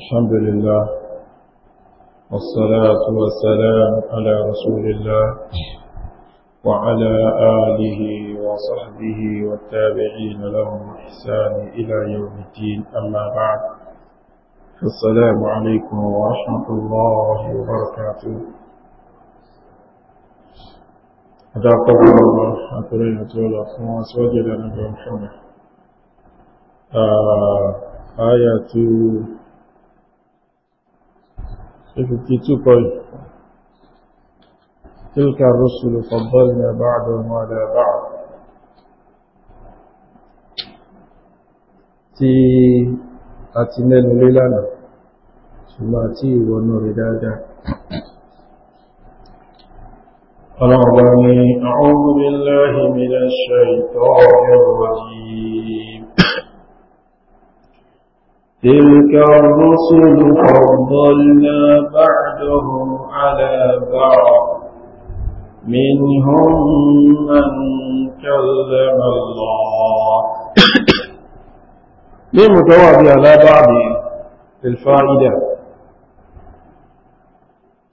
الحمد لله والصلاة والسلام على رسول الله وعلى آله وصحبه والتابعين لهم إحسان إلى يوم الدين أما بعد السلام عليكم ورحمة الله وبركاته قبل الله أكرم أتولى وأسواجنا نبي محمد آه، آية 52.0 تلك الرسل فضلنا بعضهم على بعض tí a ti mẹ́nu lé lánàá ṣùgbọ́n àti ìwọ̀nà rẹ̀ dáadáa ọlọ́ọ̀bá ni أعوذ بالله من الشيطان الرجيم تلك الرسل فضلنا بعدهم على بعض منهم من كلم الله ليه متواضع على بعض الفائدة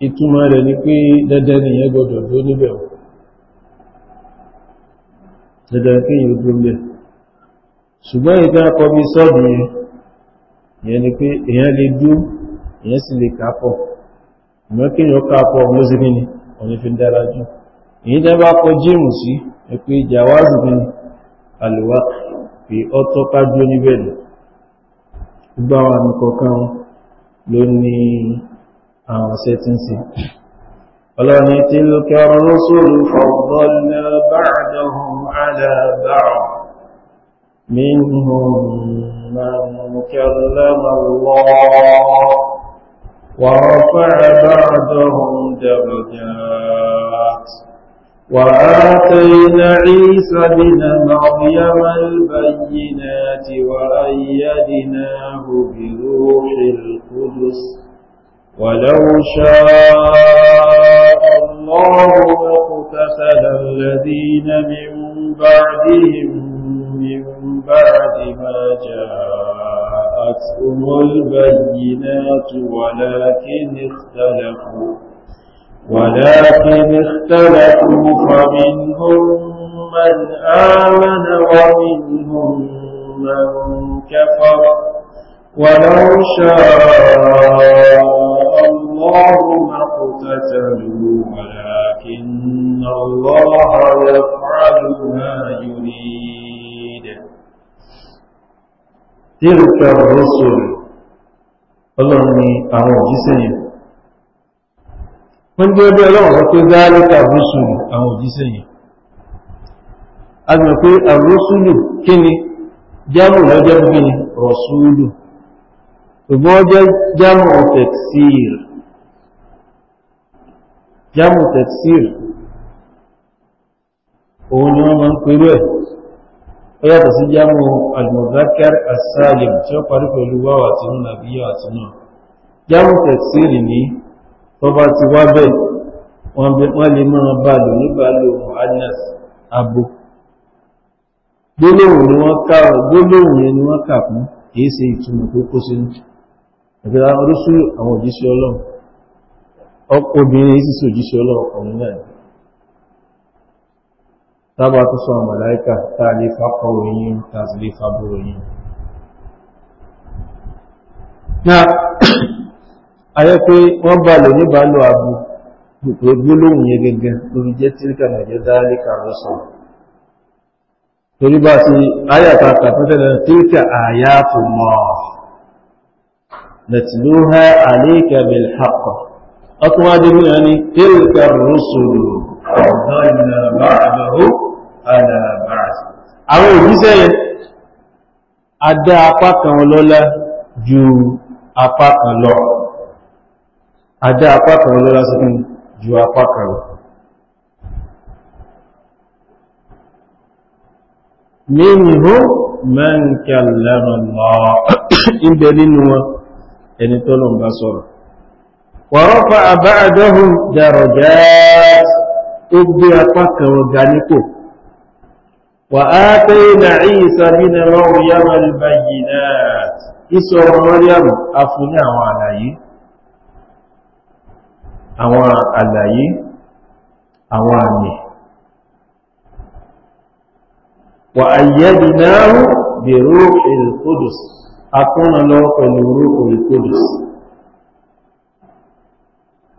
ìtumọ̀ rẹ̀ ni pé dandan ni ẹ gbọdọ̀ tó níbẹ̀ ọ̀ dandan kí yìí dúró lẹ̀ ṣùgbọ́n ìdá kọbi sọ́dún yẹn ìyẹn ni pé èèyàn lè dúó èèyàn sì lè kápọ̀ ìmọ̀ kí èèyàn kápọ̀ ló sì kíni ọ̀nà fi ń dára jù èyí tẹ́ bá kọ jíìmù sí ẹ pé jàwáàzù ni àlùwá pé ọtọ́ ká dúó gbogbo àwọn àmì kọ̀ọ̀kan ló ní àwọn sẹ́tíǹsì ọlọ́ni tí ló kẹrọ rọ́sùlù fọ̀gbọ́nà báàdọ̀hùn alábàá منهم من كلم الله ورفع بعضهم درجات وآتينا عيسى بن مريم البينات وأيدناه بروح القدس ولو شاء الله اقتتل الذين من بعدهم من بعد ما جاءتهم البينات ولكن اختلفوا ولكن اختلفوا فمنهم من آمن ومنهم من كفر ولو شاء الله ما اقتتلوا ولكن الله يفعل ما يريد تلك الرسل الله ني àwọn òjíṣẹ́ yẹn wọ́n jẹ́ bí ọlọ́run sọ pé dáálẹ́kà rúsùlù àwọn òjíṣẹ́ yẹn a gbìyàn pé àrúsùlù kí ni jámù lọ́jọ́ bí ni rọ̀sùlù ṣùgbọ́n jẹ́ jámù tẹ̀síìr jámù tẹ̀síìr òun ni wọ́n máa ń pẹ̀lú ẹ̀ ó yàtọ̀ sí jámù al-mudhakkar as-salim tí ó parí pẹ̀lú wáwà tí ó nàbí yà tí náà jámù tẹ̀sírì ní tó ti wá bẹ̀ wọ́n lè máa bá lò nígbà lò abu gbólóhùn ni wọ́n kà gbólóhùn yẹn ni wọ́n kà fún kìí ṣe ìtumọ̀ tó kó sínú ẹ̀fẹ́ oríṣi àwọn òjíṣẹ́ ọlọ́run obìnrin sì sòjíṣẹ́ ọlọ́run ọkùnrin náà tábà tó sọ màláíkà táà lè fápọ̀ òyìn tàbí lè fábọ̀ òyìn náà ayẹ́ pé wọ́n bá lò ní bàálù àbú pé gbólóhùn yẹ gẹ́gẹ́ lórí jẹ́ tíríkà mẹ̀jẹ́ dáríkà rọ́sọ̀ torí bá ti ayàtà kàtàtẹ̀lẹ̀ tíríkà àyà tó mọ̀ nàtìlúhà àlékà bilhaqqa ọkùnwádìí ní tíríkà rọ́sọ̀rọ̀ ọ̀dọ́ ìlànà àbáhó àwọn òjíṣẹ́ yẹn a dá apá kan ọlọ́lá ju apá kan lọ a dá apá kan ọlọ́lá sí ju apá lọ minhu man kallama Allah ibẹ̀ nínú wọn ẹni tọ́lọ̀ bá sọ̀rọ̀ wa rafa'a ba'dahum darajat ó gbé apá kan ọ̀gá nípò وآتينا عيسى من مريم البينات عيسى مريم أفنى وعلي àwọn àlàyé àwọn àmì wà àyẹ́dì náà bí rúkì ìkúdùs àkúnnà lọ pẹ̀lú rúkì ìkúdùs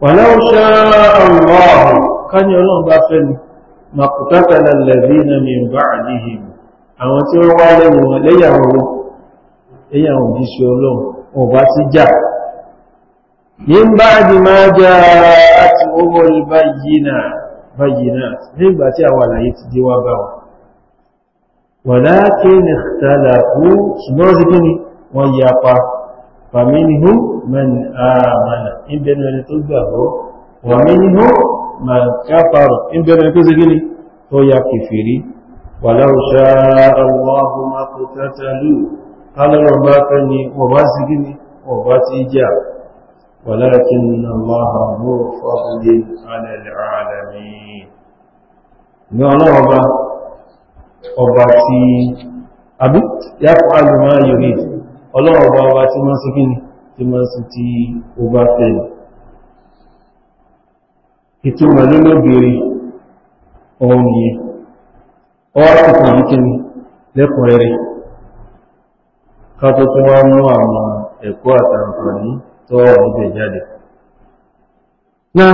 wà náà ṣe àwọn ọ̀rọ̀ kan ní ọlọ́run bá fẹ́ ni مقتتل الذين من بعدهم àwọn tí wọ́n wá lẹ́yìn wọn lẹ́yàwó lẹ́yàwó òjíṣẹ́ ọlọ́run wọn bá ti jà ní ń bá di máa já àti owó ìbáyìnà nígbà tí àwọn àlàyé ti dé wá bá wọn wọ́n yapa faminhum man kafara ń bẹ̀rẹ̀ tó ṣe gíní tó ya kèfèrí walau sha'a Allahu makwa qatalu bá fẹ́ ni wọ́n sí gíní 'ala al-'alamin ní ọlọ́wọ́ ọba tí bá fẹ́ ìtumọ̀ nínú obìnrin ọ̀hún yìí ọwá ti fún àmúkíní lẹ́kùn rẹ̀ káàkó tó wá mú àwọn ẹ̀kọ́ àtàǹfààní tó wà níbẹ̀ jáde na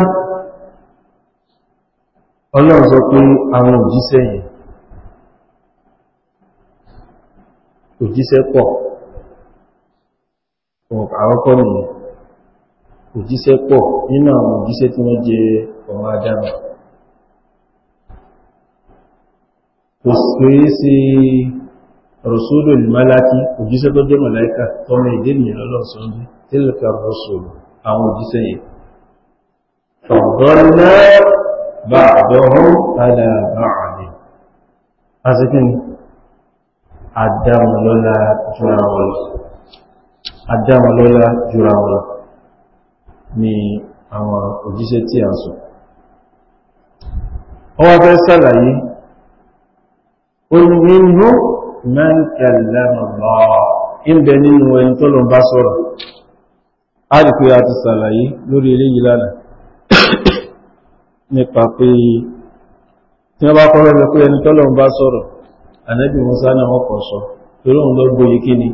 ọlọ́run sọ pé àwọn òjíṣẹ́ yìí òjíṣẹ́ pọ̀ àwọn kọ́ nìyẹn òjíṣẹ́ pọ̀ ọmọ adáma kò sí sí rọ̀sọ́lù ìmálákí òjíṣẹ́ tó jẹ́ mọ̀láíkà tọ́mọ ìdí nìyàn lọ́sọ́ ní tílùkà rọ̀sọ́lù àwọn òjíṣẹ́ yìí fọ̀gọ́nà bá àjọhún aláàbá àlẹ́ àwọn òjíṣẹ́ tí a sọ̀rọ̀ ọwọ́ fẹ́ sàlàyé olùmínú mẹ́kẹ̀lẹ́mọ̀lọ́ ìbẹ̀ nínú ẹni tó lọ bá sọ̀rọ̀ a rí pé a ti sàlàyé lórí ilé yìí lánàá nípa pé tí wọ́n bá kọ́rọ̀ rẹ̀ pé ẹni tó lọ bá sọ̀rọ̀ ànẹ́bì musa náà wọ́n sọ torí òun lọ gbóyè kí ni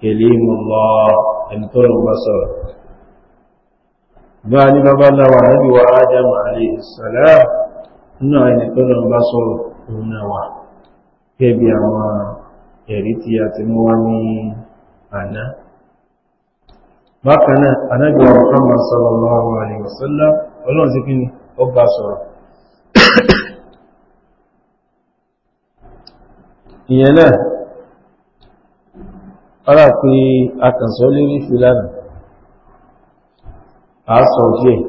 kèlé mọ̀lọ́ ẹni tó lọ bá sọ̀rọ̀ bá ní bàbá láwà ànẹ́bì wa ádámù àlè ìsàlẹ́ nínú àwọn ẹni tọ́lọ̀ bá sọ̀rọ̀ òun náà wà gẹ́gẹ́ bí àwọn ẹ̀rí tí a ti mú wá ní àná bákan náà anábì wa Muhammad sallallahu alaihi wasallam ọlọ́run sí kíni ó bá sọ̀rọ̀ ìyẹn náà ọ̀rà pé akànṣọ́ lérí fìlànà àásọ̀ díẹ̀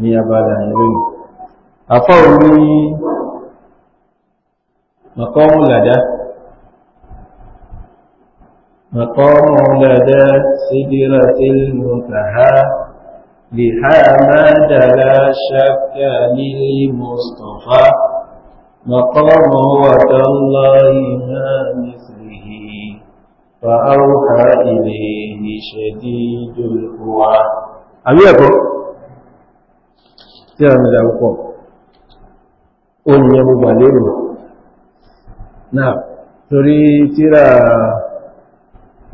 ní abala ìròyìn àfọ́rù ní mọ̀kọ́mù làdá mọ̀kọ́mù làdá sídìrà tí mo kà á lè ha máa dàlá ṣáfíà nílé mustapha mọ̀kọ́mù wàtọ́lọ́yìn náà nísìnyí fa'auka ilẹ̀ ìṣẹ̀dí jùlọ wa. àbí ẹ̀kọ́ tí a mẹ́lẹ̀ púpọ̀ oúnjẹ gbogbo àlérò náà torí tíra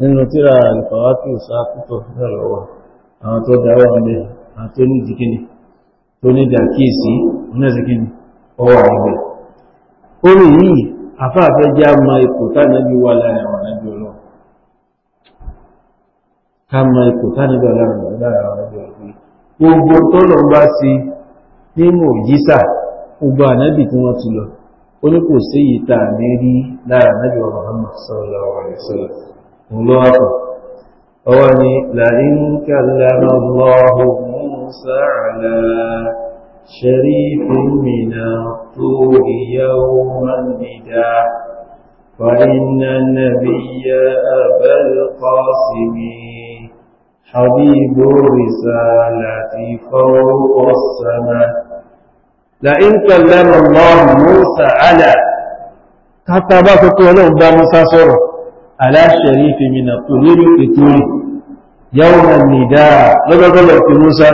nínú tíra alifawaki sáàkútọ̀ lọ́wọ́ àwọn tó dáwà ọ̀dẹ́ àwọn tó ní ìdíkíní tó ní ìdàkíyèsí onẹ́sìkíní ọwọ́ àgbẹ̀ orí yìí afáàfẹ́ já ma ipò tánàbí wà láàrin àwọn ànábì ọlọ́run ká ma ipò tánàbí ọlọ́run láàrin àwọn ànábì ọlọ́run gbogbo tọ́lọ̀ ń bá sí nínú òjísà ọba ànábì tí wọ́n ti lọ ó ní kò sí èyí tá a ní rí lára ànábì wa Muhammad sallallahu alaihi wasallam òun ló wà ọwọ́ ni la'in kallama Allahu Musa ala sharifin min at-turi فإن النبي أبا القاسم حبيب الرسالة فوق السماء لئن كلم الله موسى على حتى بقى تقولون با موسى صورة على الشريف من الطهور الكتور يوم النداء لقد قلت موسى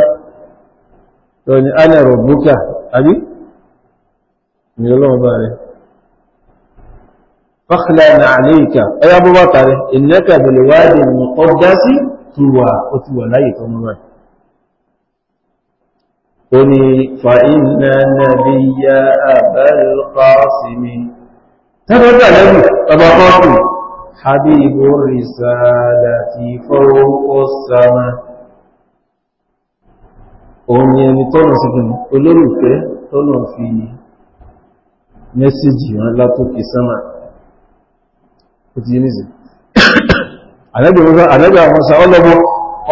يعني أنا ربك أبي من الله مبارك عليك أي أبو بكر إنك بالوادي المقدس توا وتوا لا يتمنى قل فإن النبي أبا القاسم تبدأ له أبا قاسم حبيب الرسالة فوق السماء òun ni ẹni tọ́nà síkùn olólùfẹ́ tọ́nà fi mẹ́síjì wọn látòkè sánmà ó ti yí nìsí àlẹ́gbẹ̀ẹ́ àwọn ọlọ́gbọ́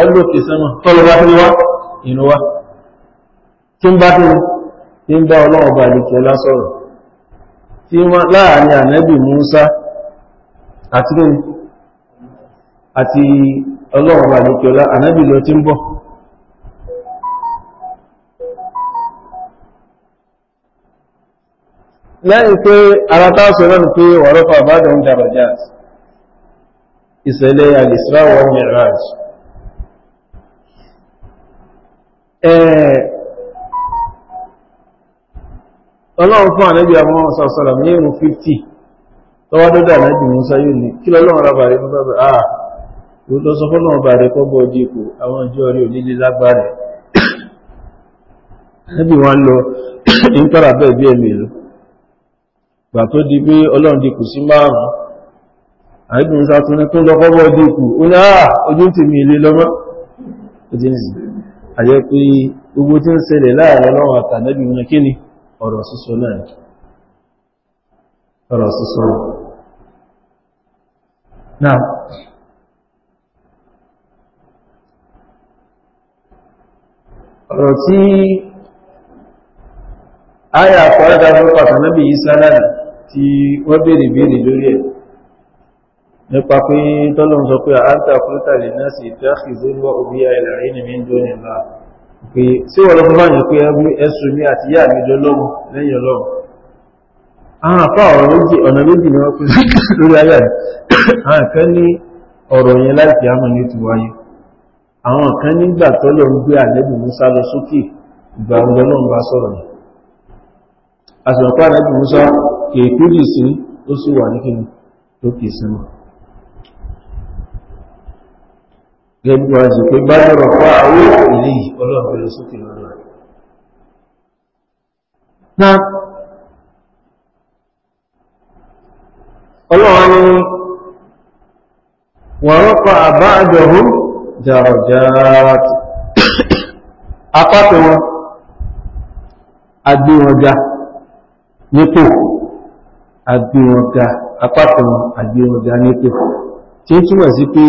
ọlọ́kè sánmà tọ́lọ́gbà fún wa ìrọwà tí ń bá tó tí ń bá ọlọ́run bá ìlúkẹ́ lásọ̀rọ̀ tí wọ́n láàrin ànábì Musa àti kí àti ọlọ́run bá ìlúkẹ́ ọlá ànábì lọ tí ń bọ̀ lẹ́yìn pé ara tá sọ lọ́nà pé wàrọ́fà bá dọ̀ ń ìṣẹ̀lẹ̀ ọlọ́run fún ànábì àwọn ọ̀sọ̀sọ̀rọ̀ ní èrò 50 tọwọ́ dọ́dọ̀ ànábì musa yóò ní kí lọ́lọ́run ra bàrẹ̀ musa bẹ̀ ah yóò lọ sọ fọ́lọ́run bàrẹ̀ kọ́ bọ́ di ipò àwọn ìjọ rí ò nílé lágbára ànábì wọn lọ ń tọ́ra bẹ́ẹ̀ bí ẹ̀mí lọ gbà tó di pé ọlọ́run di kù sí márùn-ún ànábì musa tún tó lọ kọ́ bọ́ ipò ó ní ah ojú ti mi ilé lọ́mọ́ ó ti ń sìn àyẹ pé gbogbo tí ń ṣẹlẹ̀ láàrin ọlọ́run àtànábì wọn kí ni ọ̀rọ̀ sísọ náà ọ̀rọ̀ sísọ náà ọ̀rọ̀ tí ayà àpọ̀lẹ́ta fún pàtàkì Ìsá náà tí wọ́n bèèrè bèèrè lórí ẹ̀ nípa pé tọ́lọ̀ sọ pé àántà fúrútà lè náà sì tẹ́ àkìzé wọ́n òbí àìlàrí ní mí ń dóní pé sí wọ́n lọ́pọ̀ báyìí pé ẹsùn mi àti yá àmì ọlọ́run lẹ́yìn ọlọ́run àwọn àpá ọ̀rọ̀ méjì ọ̀nà méjì ni wọ́n pín lórí ayà rẹ̀ àwọn kan ní ọ̀rọ̀ yẹn láìpì àmọ̀ ní ti wáyé àwọn kan nígbà tọ́lọ̀ ń gbé àlẹ́bù Musa lọ sókè ìgbà ọjọ́ náà bá sọ̀rọ̀ yìí àsìkò àlẹ́bù Musa kèékúrì sí ó sì wà ní kíni tó kìí sinmi gẹ́gbù àjò pé bá lọ́rọ̀ pa àwọ́ ilé ọlọ́gbẹ̀rẹ̀ sókè lọ́rọ̀ na ọlọ́wọ́n ni wọ́n rọ́pa àbá àjọ̀hún dàrọ̀jáàtì apákan wọn agbéwọ̀nga nípò agbéwọ̀nga apákan wọn agbéwọ̀nga nípò tí ó túnmọ̀ sí pé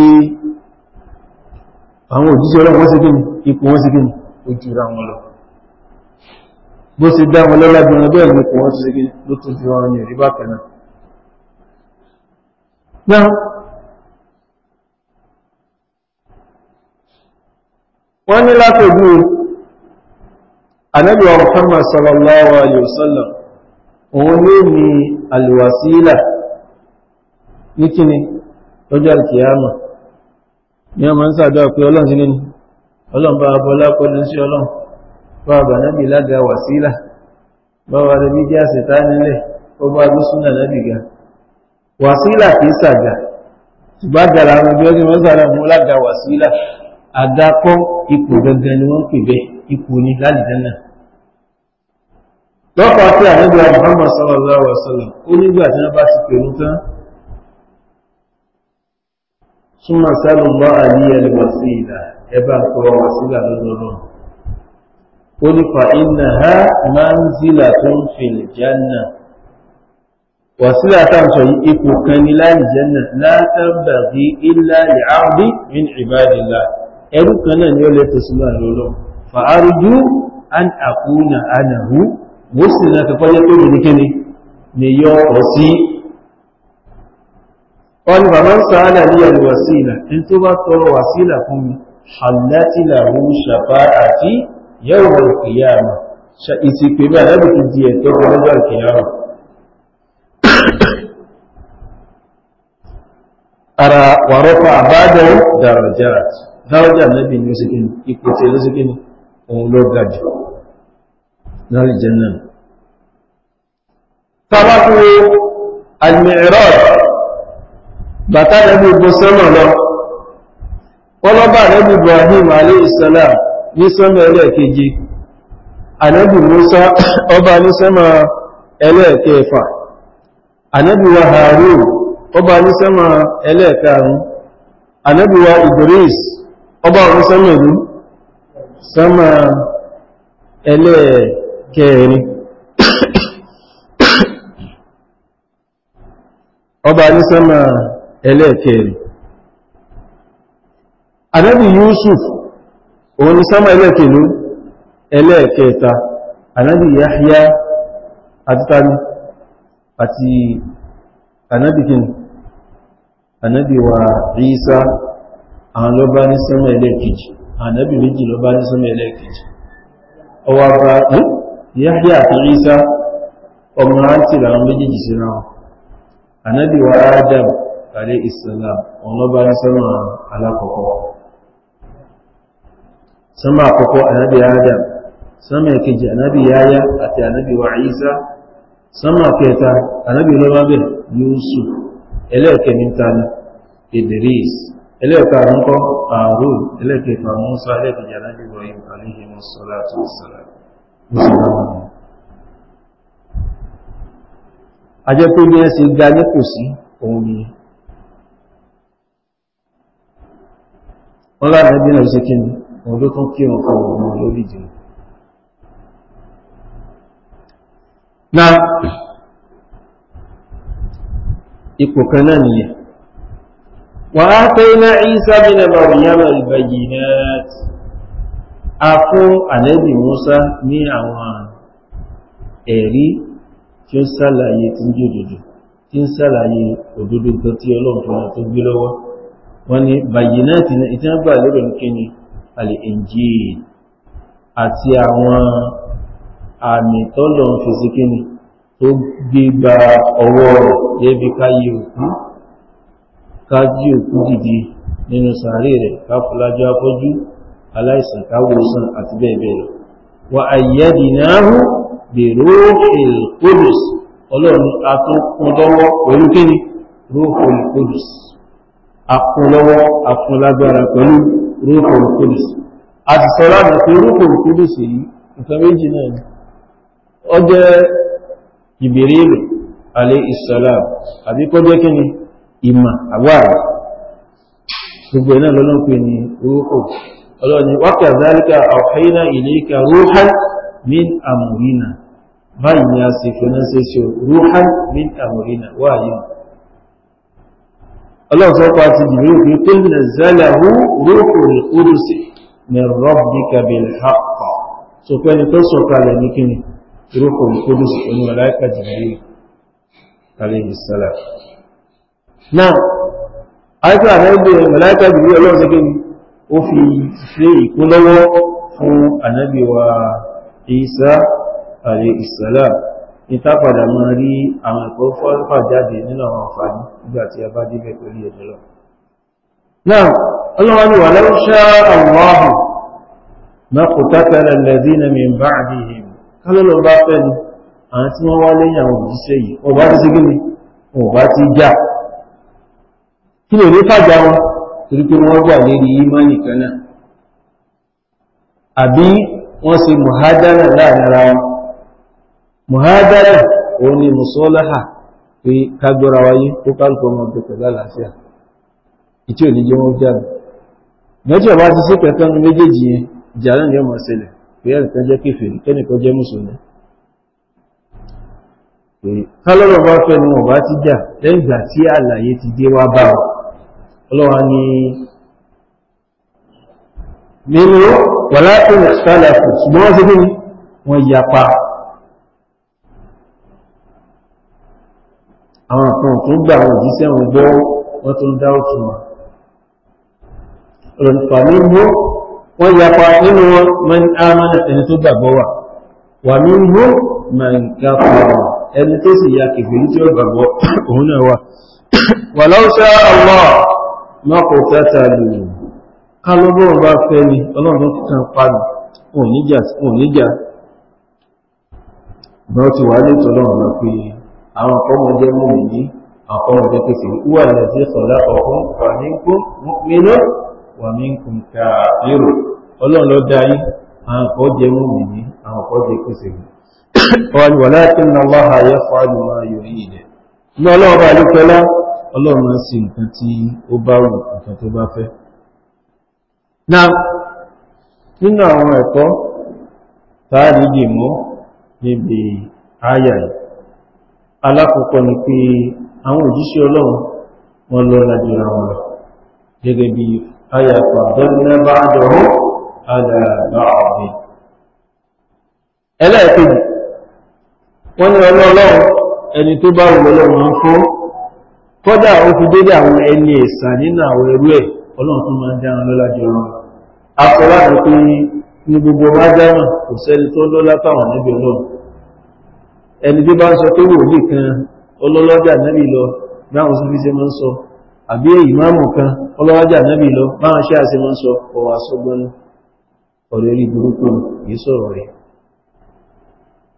àwọn òjíṣẹ́ ọlọ́run wọ́n sí gíní ipò wọ́n sí gíní ó jù ra wọn lọ bó sì dá wọn lọ́lá gbìyànjú bẹ́ẹ̀ ní ipò wọ́n sí gíní ló tún ju ọrọ̀ ní òrìbá kan náà náà wọ́n ní látòjú ànábì Muhammad sallallahu alaihi wasallam òun ní ní alwasila ní kíni lọ́jọ́ alkiyama ní ọmọ ń sàdọ́ pé ọlọ́run sí ní ọlọ́run bá bọ́lá pẹ̀lú sí ọlọ́run bá bà nábì lága wàsílà bá wà lórí jẹ́ àṣetá nílẹ̀ ó bá lú súnà nábì ga wàsílà kìí sàgà ṣùgbọ́n àgàrà àwọn ibi ọdún wọn sàrà mú lága wàsílà àdàkọ́ ipò gangan ni wọ́n pè bẹ́ẹ̀ ipò ni lálìdánà lọ́pàá tí àníbíà Muhammad sallallahu alaihi wasallam ó nígbà tí wọ́n bá ti pè mú tán ثم سأل الله لي الوسيلة إبا ترى وسيلة للظلم قل فإنها منزلة في الجنة وسيلة تنصي إفكان لا الجنة لا تنبغي إلا لعبد من عباد الله إذا كان يولي تسمى للظلم فأرجو أن أكون أنا هو مسلمة فيكون لكني نيوم وسيلة wọ́n ni bàbá ń sàálà ní alwasila in tó bá tọrọ wasila fún mi hallati lahu shafa'ati yawmal qiyamah ìsìnkú bí alábì ti di ẹ̀tọ́ ọlọ́jọ́ ìkìyàmà ara wàrọ́fà àbájọ́ dàrọ̀jà dàrọ̀jà náàbì bàtà lẹ́bí bó sọ́nà lọ ọlọ́bà lẹ́bí Ibrahim aléìsọ́lá ní sọ́nà ẹlẹ́ẹ̀kejì ànẹ́bì Musa ọba ní sọ́nà ẹlẹ́ẹ̀kẹfà ànẹ́bì ọba ní sọ́nà ẹlẹ́ẹ̀karùn ànẹ́bì Idris ọba ní sọ́nà ìlú sọ́nà ẹlẹ́ẹ̀kẹrin anábì yusuf òun ni sánmà ẹlẹ́ẹ̀kẹlú ẹlẹ́ẹ̀kẹta anábì yahya àti àti anábì kí anábì wa isa àwọn ló bá ní sánmà ẹlẹ́ẹ̀kejì anábì méjì ló bá ní sánmà ẹlẹ́ẹ̀kejì ọwọ́ bá hm? yahya àti isa ọmọ rántí làwọn méjèèjì anábì wa adam alẹ́ ìsìnlá ọ̀nàbá ní sánmà alákọ̀ọ́kọ́ sánmà àkọ́kọ́ ànábì adam sánmà ìkejì ànábì yáyá àti ànábì wa Ìsá sánmà kẹta ànábì lọ́wọ́bẹ̀ Yusuf ẹlẹ́ẹ̀kẹmíta ni Idris ẹlẹ́ẹ̀karùnkọ́ Harun ẹlẹ́ẹ̀kẹfà Musa ẹlẹ́ẹ̀kẹjì ànábì Ibrahim alayhi salatu wassalam ajẹ́ pé bí ẹ́ sì ga ní wọ́n lára ẹbí náà ṣe kíni òun ló tún kí wọn fún ọmọ lórí ìdìbò na ipò kan náà nìyẹn wà á tẹ́ iná ìsá bínú Maryam al-bayyinat a fún ànábì Musa ní àwọn ẹ̀rí tí ó sálàyé tí ń jòdòdò tí ń sálàyé òdodo gan tí Ọlọ́run tó gbé lọ́wọ́ wani ní bàyìnáàtì ní ìtẹ́gbà lérò nìkíni al-Injil àti àwọn àmì tọ́lọ̀ ń fi sí kíni tó gbé gba ọwọ́ rẹ̀ débi káyé òkú kájí òkú dìde nínú sàárè rẹ̀ káfúlájú afọ́jú aláìsàn káwòsàn àti bẹ́ẹ̀ bẹ́ẹ̀ lọ wa ayyadnahu bi ruhil qudus ọlọ́run a tún kún lọ́wọ́ pẹ̀lú kíni ruhul qudus àfúnlọ́wọ́ àfúnlágbára pẹ̀lú rúfòrò kúdùsì a ti sọ láti pé rúfòrò kúdùsì yìí nǹkan méjì náà ni ó jẹ́ ìbìrìlù alẹ́ ìsọ̀lám àbí kó jẹ́ kí ni ìmà àwárà gbogbo náà lọ́lọ́n pè ní rúfò ọlọ́ni wákàtàlíkà min amurina ọlọ́run sọ pa ti jìbìrì òfin tó nà zálàhú rúkù ìkúrùsì ní rọ́bìkà bilhaqqa so pé ẹni tó sọ kalẹ̀ ní kíni rúkù ìkúrùsì ní ọláìkà jìbìrì alayhi salam now àìkà àrẹ́gbẹ̀ ọláìkà jìbìrì ọlọ́run sọ pé ó fi ṣe ìkúnlọ́wọ́ fún ànábì Isa alayhi salam ìtàpadà máa rí àwọn ẹ̀kọ́ fọ́lọ́pàá jáde nínú àwọn àǹfààní nígbà tí a bá débẹ̀ pẹ̀lú ẹ̀jọ́ lọ. náà ọlọ́wọ́n ni wà lọ́wọ́ ṣá àwọ̀hù mọ́kùtàkàrẹ̀ lẹ́dínà mi bá àdìhìn kálọ́lọ́ bá fẹ́ ni àwọn tí wọ́n wá lẹ́yìn àwọn òjíṣẹ́ náà láàrin ara wọn mùhádàrà òun ni mùsọ́láhà pé kágbọ́ra wáyé kó kálùkù ọmọ ọdún pẹ̀lú àlàáfíà ìtí ò ní jẹ́ wọ́n jáde mẹ́tí ọba ti sí kẹtàn méjèèjì yẹn ìjà náà yóò máa ṣẹlẹ̀ pé ẹnìkan jẹ́ kéfèrè kẹ́nìkan jẹ́ mùsùlùmí kálọ́rọ̀ bá fẹ́ ni ọba ti jà lẹ́yìn ìgbà tí àlàyé ti dé wá bá wa ọlọ́wà ni nínú wàlá tó nà sálà ṣùgbọ́n wọ́n ti kí ni wọ́n yapa àwọn kan tó gbà àwọn òjíṣẹ́ wọn gbọ́ wọ́n tó ń dá òtù wọn olùfà ní mú wọ́n yapa nínú wọn man amana ẹni tó gbàgbọ́ wà wà ní mú man kafara ẹni tó sì ya kèfèrí tí ó gbàgbọ́ òun náà wà wà lọ́wọ́sá Allah má kò tẹ́ta lè ká lọ́gbọ́n bá fẹ́ ni ọlọ́run kan pàdù òun níjà bọ́ ti wà ní ìtọ́lọ́run bá pé àwọn kan mọ̀ jẹ́ múmi ní àwọn kan jẹ́ kéṣe wúwà lẹ́sẹ̀ sọ̀lá ọ̀hún wà ní kó mọ́mílò wà ní kò ká èrò ọlọ́run ló àwọn kan jẹ́ múmi ní àwọn wà yọ yìí ní ọlọ́run bá ọlọ́run máa ń nǹkan tí ó bá wù nǹkan tó bá fẹ́ alákọ̀ọ́kọ́ ni pé àwọn òjíṣẹ́ ọlọ́run wọn lọ lájúra wọn gẹ́gẹ́ bí ayàfà dọ́nà bá dọ̀rọ̀ alàbà ọ̀bẹ̀ ẹlẹ́ẹ̀kejì wọ́n ní ọlọ́run ẹni tó bá wù ọlọ́run ń fún kọ́dà ó fi dédé àwọn ẹni ẹ̀sà nínú àwọn ẹrú ẹ̀ ọlọ́run tó máa ń dáran lọ́lá jọ a asọ́lá ni pé ní gbogbo májá náà kò sẹ́ni tó lọ́lá táwọn níbi ọlọ́run ẹni tí bá ń sọ pé kan ọlọ́lọ́jà nábì lọ báwọn síbí ṣe máa ń sọ àbí ìmáàmù kan ọlọ́lọ́jà nábì lọ báwọn ṣe àṣẹ máa ń sọ ọwọ́ asọ́gbọ́n ọ̀rẹ́ rí burúkú yìí sọ̀rọ̀ rẹ̀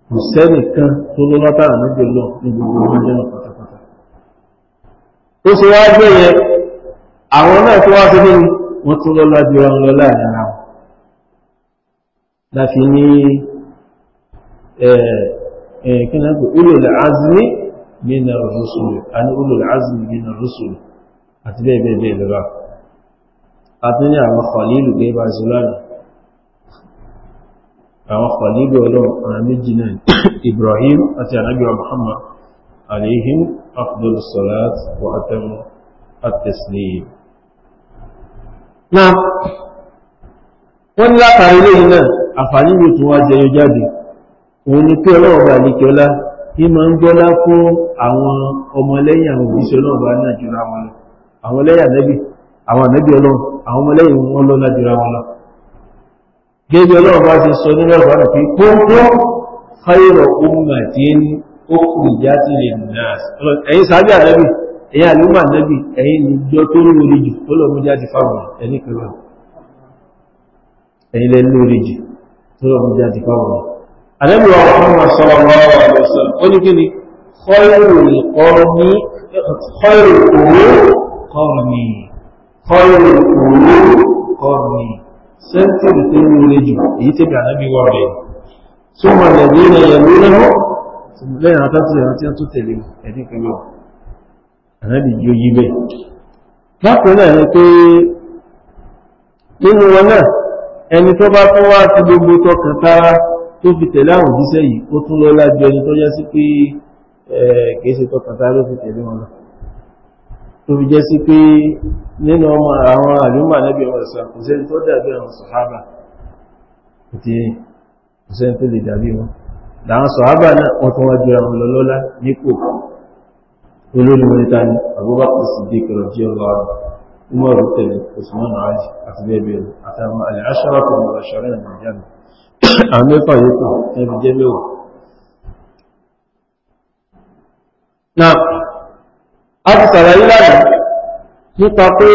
kò sẹ́nìkan tó lọ́lọ́bà nábì lọ ní gbogbo ọjọ́ náà pátápátá ó ṣe wá gbé yẹn àwọn náà tó wá sí nínú tún Eh, kí náà pé ulul azmi mina rusul àní ulul azmi mina rusul àti bẹ́ẹ̀ bẹ́ẹ̀ bẹ́ẹ̀ lọ́wọ́ àti ní àwọn kọ̀lílù gẹ́gẹ́ bá ṣe lánàá àwọn kọ̀lílù ọlọ́run ọ̀nà méjì náà Ibrahim àti anábíwa Muhammad عليهم أفضل الصلاة وأتم التسليم نعم wọ́n ní látàrí ilé iná àfàní ìlú tó wá jẹyọ jáde òun ni pé ọlọ́run bá lè kíọ́lá ní ma ń gbọ́lá fún àwọn ọmọlẹ́yìn àwọn òbíṣẹ́ náà jùra wọn lọ àwọn àwọn ànẹ́bì ọlọ́run àwọn ọmọlẹ́yìn wọn lọ́lá jùra wọn lọ gẹ́gẹ́ ọlọ́run ti sọ pé fáyọ̀rọ̀ ohun àti ẹ̀yin sábẹ́ ẹ̀yin ẹ̀yin ìjọ tó àdẹ́bùwà Muhammad sallallahu alaihi wasallam ó ní kí ni khairul quruni khairul quruni khairul quruni sẹ́ńtìrì tó ń wọlé jù èyí tẹ́bí ànábì wà rẹ̀ tó mọ̀ lẹ́bí ní ẹ̀lú lẹ́nu lẹ́yìn àtàtì ẹ̀rọ tí ó tún fún wá ti tó fi tẹ̀lé àwọn òjíṣẹ́ yìí ó tún lọ́lá ju ẹni tó jẹ́ sí pé kìí ṣe tọkàtà ló fi tẹ̀lé wọn lọ tó fi jẹ́ sí pé nínú ọmọ àwọn àlúmà nẹ́bí ọmọ ìsọ kò sẹ́ni tó dàbí àwọn sọ̀hábà àti kò sẹ́ni tó lè dàbí wọn làwọn sọ̀hábà náà wọ́n tún wá ju àwọn lọ lọ́lá nípò olórí mẹ́ta ni Abubakar Siddiq radiyallahu anhu Umar tẹ̀lé Usman àti bẹ́ẹ̀ bẹ́ẹ̀ àtàwọn àlẹ́ aṣọ́rọ̀ kan lọ́ṣọ́rẹ́ nàìjíríà àmì ẹ̀kọ́ yìí kù ẹbí jẹ́ mẹ́wàá náà a ti sàlàyé lánàá nípa pé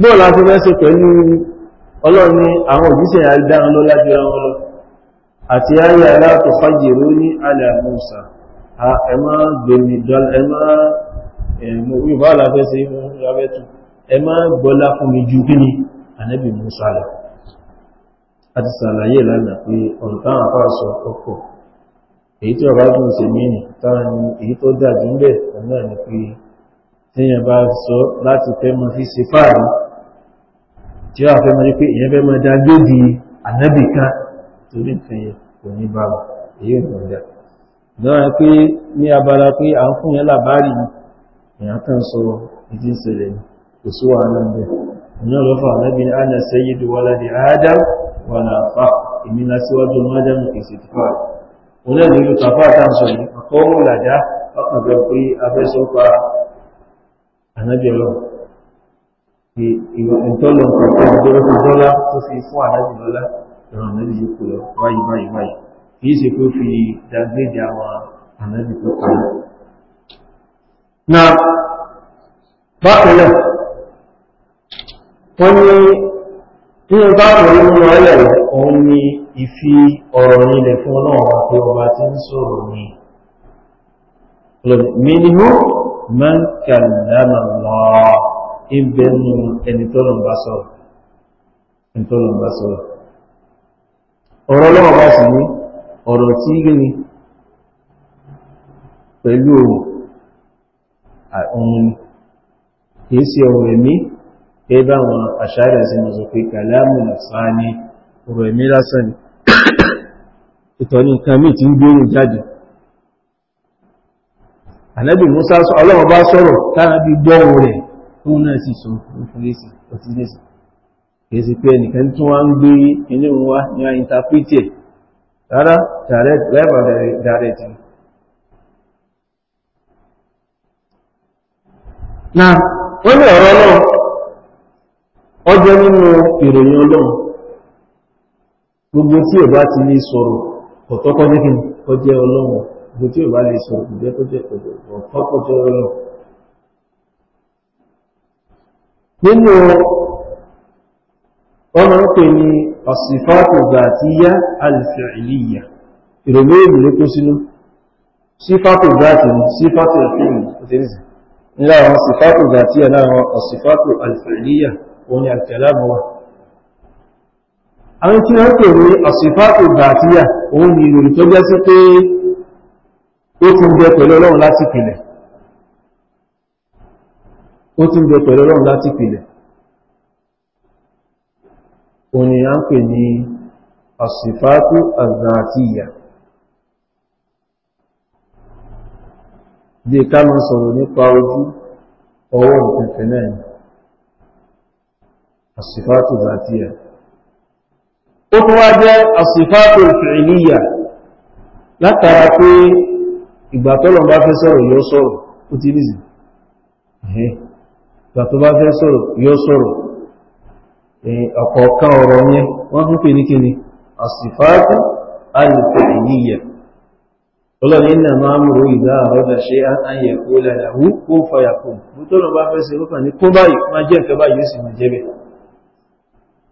bóò láti mẹ́sẹ̀ pẹ̀lú ọlọ́run ní àwọn òjíṣẹ́ àìdáran ló lágbé àwọn lọ àti ayé aláàtọ̀ fàjèrò ní alẹ́ àmúsà ẹmá gbèmí dọ́là ẹmá yorùbá aláfẹ́sẹ̀ a ti sàlàyé lánàá pé ọ̀nà táwọn apá sọ ọkọ̀ èyí tí ọba dùn sí mí táwọn èyí tó dàbí ń bẹ̀ náà ni pé téèyàn bá sọ láti fẹ́ mọ fi ṣe fáàrí tí wàá fẹ́ mọ pé èèyàn fẹ́ mọ dá lódì ànábì kan torí nǹkan yẹn kò ní bá wọn èyí ò gbọ̀ngà náà pé ní abala pé à ń fún yẹn làbárì èèyàn kan sọ ìdí ìṣẹ̀lẹ̀ kò sí wàhálà ń bẹ̀ ìyẹn lọ́fà ànábì ní ànà sayyidu waladi Adam wàlà àfà èmi la síwájú májàmù ìsìtìfà òun náà nílùú tàfà àtàǹsọ yìí àkọwọ́ làjá ọkànjọ pé abẹ́sọ́pá ànájọlọ ìtọ́lọ̀ kọ̀ọ̀kan ìjọba tó dọ́lá tó fi fún ànájọlọ́lá ìràn ànájọ yìí na bákan wọ́n ní nínú táàbù yìí mú òun ni ìfi ọ̀rọ̀ nílẹ̀ fún ọlọ́run àti ọba tí ń sọ̀rọ̀ ni mínú man kàlámà lọ ibẹ̀ nù ẹni tọ́lọ̀ bá sọ̀rọ̀ ọ̀rọ̀ ọlọ́run bá sì ní ọ̀rọ̀ tí gíní pẹ̀lú ohun àìhun kìí sí ọ̀rọ̀ ẹ̀mí pé báwọn àṣàrẹ̀ sí mọ̀ sọ pé kàlámù ní ọ̀rọ̀ ẹ̀mí lásán ni tí ń gbóòrùn jáde ànábì Musa ọlọ́wọ́ na so si sọ fúnfúnlẹ́sì ọtílẹ́sì kèsì pé ẹnìkan tún wá ní na ọjọ́ nínú ìròyìn ọlọ́run gbogbo tí ò bá ti lè sọ̀rọ̀ ọ̀tọ́kọ́ jẹ́ kí n kọjẹ́ ọlọ́run gbogbo tí ò bá lè sọ̀rọ̀ kò jẹ́ kọjẹ́ ọ̀tọ́kọ́jẹ́ ọlọ́run nínú ọmọ ń pè ní ọ̀sìfáàtù zàtíyá al-fi'liyya ìròyìn èdè ló kó sínú sífàtù zàtì sífàtù al-fi'liyya ńlá àwọn sífàtù zàtíyá láwọn ọ̀sìfáàtù al-fi'liyya òun ni àtẹ̀láàmù wà àwọn tí wọ́n pè ní ọ̀sìfáàtò gbàtíyà òun ni ìròyìn tó jẹ́ sí pé ó ti ń bẹ pẹ̀lú ọlọ́run láti pìlẹ̀ ó ti bí ká máa sọ̀rọ̀ nípa ojú ọwọ́ ìpẹ̀fẹ̀ náà asifatu zatiya ó tún wá jẹ́ asifatu fi'iliya látara pé ìgbà tọ́lọ̀ bá fẹ́ sọ̀rọ̀ yóò sọ̀rọ̀ ó ti nìsì ìgbà tó bá fẹ́ sọ̀rọ̀ yóò sọ̀rọ̀ ọ̀kọ̀ọ̀kan ọ̀rọ̀ yẹn wọ́n tún pè ní kíni asifatu al-fi'iliya ọlọ́ni iná máa mú orí ìdá àrọ́dà ṣe àyẹ̀kó lẹ́yàwó kó fàyàkó mú tọ́lọ̀ bá fẹ́ sí ọkàn ní kó báyìí má jẹ́ ìfẹ́ báyìí sì má jẹ́ bẹ̀rẹ̀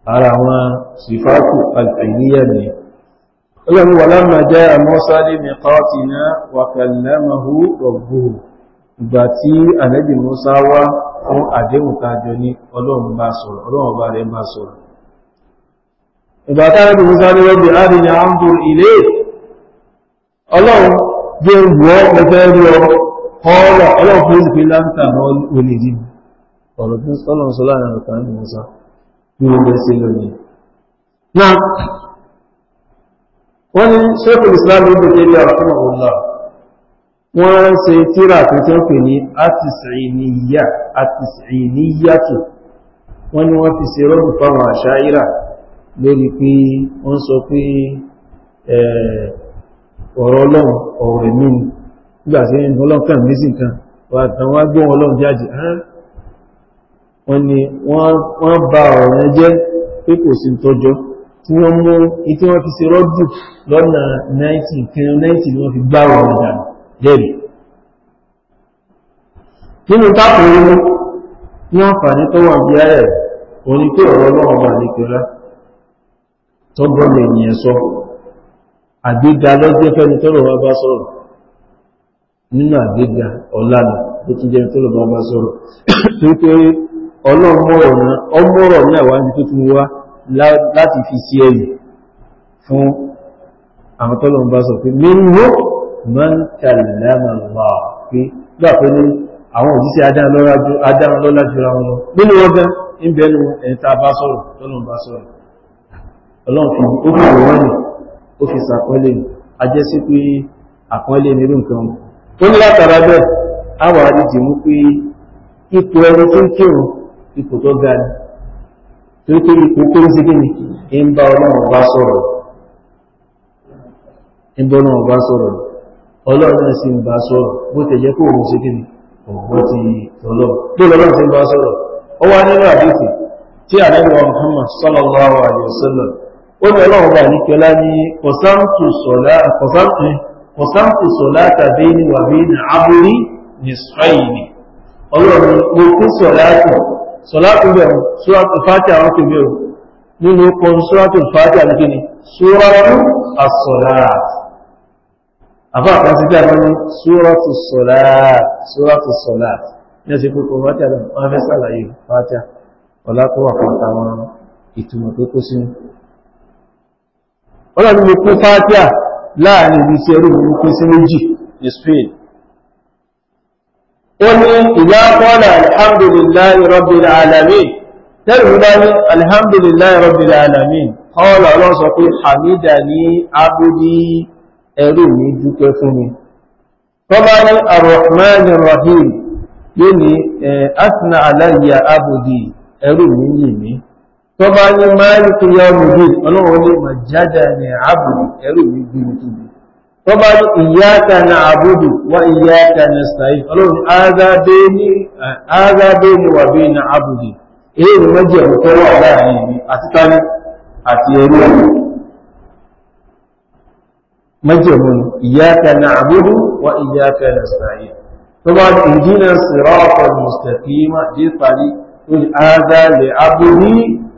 ara àwọn sífàkù al'ayyíyà ni ọlọ́run wà lámà jẹ́ àmọ́sá lè mẹ́kọ́tì náà wà kàlẹ́mọ̀hú rọ̀gbùhù ìgbà tí ànábì Mùsá wá fún àdéhùn tàjọ ní ọlọ́run bá sọ̀rọ̀ ọlọ́run bá rẹ̀ bá sọ̀rọ̀ ìgbà tí ní ilé sí lónìí náà wọ́n ní ṣékù islam ní bèkèrè àkúmọ̀ ọ̀lá wọ́n ṣe tíra tó tó pè ní àtìsìníyàtò wọ́n ní wọ́n fi ṣe rọ́bù fáwọn àṣáírà lórí pé wọ́n sọ pé ọ̀rọ̀ ọlọ́run ọ̀rọ̀ ẹ̀mí nígbàtí ẹni ọlọ́run kàn mí sí wà tán wá gbọ́ ọlọ́run jáde wọ́n ni wọ́n bá ọ̀rọ̀ jẹ́ pé sí tọ́jọ́ tí wọ́n mú ìtí wọ́n fi ṣe rọ́dù lọ́nà 90 90 ni wọ́n fi gbá ọ̀rọ̀ dà jẹ́rì nínú tápò ní àǹfààní tó wà bí ayẹ̀ ọ̀rọ̀ ọlọ́run wà ní sọ àgbéga fẹ́ni nínú àgbéga ọ̀lànà ọlọ́mọ̀rọ̀ ní àwọn ibi tó ti wá láti fi sí ẹ̀yìn fún àwọn tọ́lọ̀ ń bá sọ pé mímú man kàlàmà wà pé gbà pé ní àwọn òjíṣẹ́ adáranlọ́lá jura wọn lọ nínú wọn gan ń bẹnu ẹ̀ta bá sọ̀rọ̀ tọ́lọ̀ ń bá sọ̀rọ̀ ọlọ́run fi ó fi wọ́n nì ó fi sàkọ́lé nì ajẹ́ sí pé àkọ́lé ẹni tí ń kírun ipò tó ga ni tó pé ipò kó sí kí ni ń bá ọlọ́run bá sọ̀rọ̀ ń bá ọlọ́run bá sọ̀rọ̀ ọlọ́run sì ń bá sọ̀rọ̀ bó tẹ̀ jẹ́ kó òun sí kí ni ọ̀gbọ́n ti ọlọ́run tó lọ́run ti ń bá sọ̀rọ̀ ó wá nínú àdìsí tí ànábì wa Muhammad sallallahu alayhi wa sallam ó ní ọlọ́run bá níkẹ́lá ní kọ̀sáǹtù sọ̀lá tàbí ní wàbí ní abúrí ní sọ́yìn ọlọ́run mo kú sọ̀lá sọ̀látù bẹ̀rù sóràtù fàtíà wọn kò bẹ̀rù nínú okùn sóràtù fàtíà ní kíni sóràtù àsọ̀láàt àfá àkàn sí bẹ́ẹ̀ mọ́ni sóràtù sọ̀láàt sóràtù sọ̀láàt ní ẹsẹ̀ pé kòrò fàtíà lọ́nà wọn fẹ́ sàlàyé fàtíà ọ̀lá tó wà ìtumọ̀ tó kó sínú ọlọ́run mo kún fàtíà láàrin ibi tí ẹrú mi kún sí méjì ní Spain قل إذا قال الحمد لله رب العالمين تلهمني الحمد لله رب العالمين قال الله سقي حمدني عبدي أرمي جكفني طبعا الرحمن الرحيم يني أثنى علي عبدي أرمي يمي طبعا مالك يوم الدين الله مجدني عبدي أرمي جكفني tó bá ní iyyaka na'budu wa iyyaka nasta'in ọlọ́run ágádé ní wà bí na àbúdì èyí ni méjì ẹ̀mù tó wà láàrin ìlú àti tání àti ẹ̀rú ẹ̀mù méjì ẹ̀mù ni iyyaka na'budu wa iyyaka nasta'in tó bá ní ìdínà siratal mustaqima dé parí ó ní ágá lè àbúdì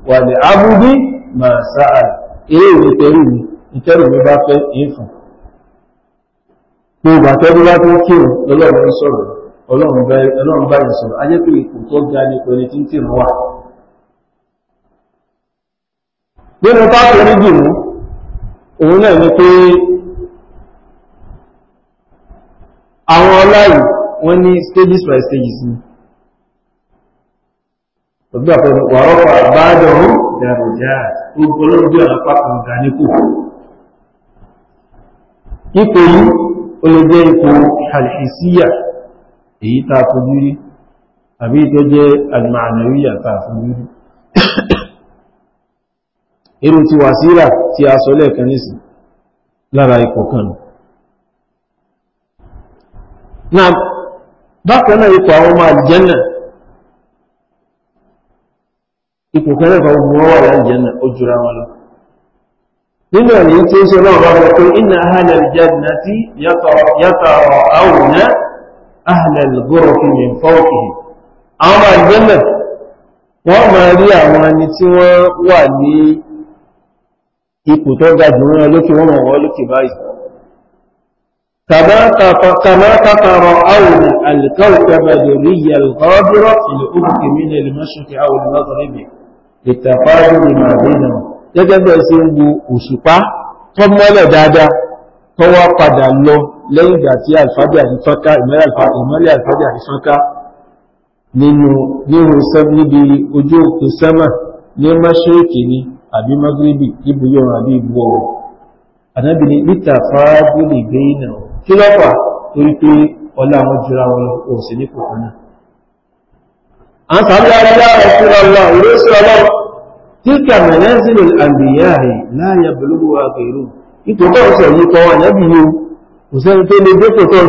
wà lè àbúdì máa sáà èyí ni tẹ́rù mi bá fẹ́ ìfún gbogbo àtọ́jú bá tó kírun lọ́lọ́run sọ̀rọ̀ ọlọ́run bá yẹn sọ̀rọ̀ ajẹ́ pé ipò tó ga ní pẹ̀lú tí ń kírun wà nínú táàkì oníjì mú òun náà ni pé àwọn ọláyìí wọ́n ní stages by stages ni ọ̀gbí àpẹẹrẹ wàrọ́pàá àbájọ̀rún dàrọ̀já gbogbo olóògbé àpapọ̀ ọ̀gá nípò ipò yìí ó lè jẹ́ ipò alhisiya èyí ta fojú rí àbí tó jẹ́ almanawiya ta fojú rí irú ti wàsílà tí a sọ lẹ́ẹ̀kan nísìn lára ipò kan náà bákan náà ipò àwọn ọmọ àlìjẹ́nà ipò kan náà fàwọn wà láàlìjẹ́nà ó jura wọn lọ nínú ẹ̀lẹ́ tí ó ṣe lọ́wọ́ rẹ̀ pé iná ahàlẹ̀ ìjẹ́dìnà tí yàtọ̀ àwọn ìyá ahàlẹ̀ ìgbòròfin ní fọ́ọ̀kì. àwọn ọmọ ìgbẹ́lẹ̀ wọ́n máa rí àwọn ẹni tí wọ́n wà ní ipò tó ga jù wọn lókè wọ́n wọ́n lókè báyìí kàmá gẹ́gẹ́ bẹ́ẹ̀ sí ń wo òṣùpá tó mọ́lẹ̀ dáadáa tó wá padà lọ lẹ́yìn ìgbà tí alfájà ní fánká ìmọ́lẹ̀ alfájà ní fánká nínú níhun sẹ́m níbi ojú òkú sẹ́mà ní mọ́ṣíríkì ni àbí magribi ibu yóò àbí ibu ọ̀rọ̀ ànábì ní lítà fáábùlì gbéyìnà kí lọ́pàá torí pé ọlá àwọn jura wọn òsì ní kòkòrò náà tilka manazilul anbiya la yablughuha ghayruhum ipò tó sọ yìí kò wà nabi yo kò se tó lè dé kò ta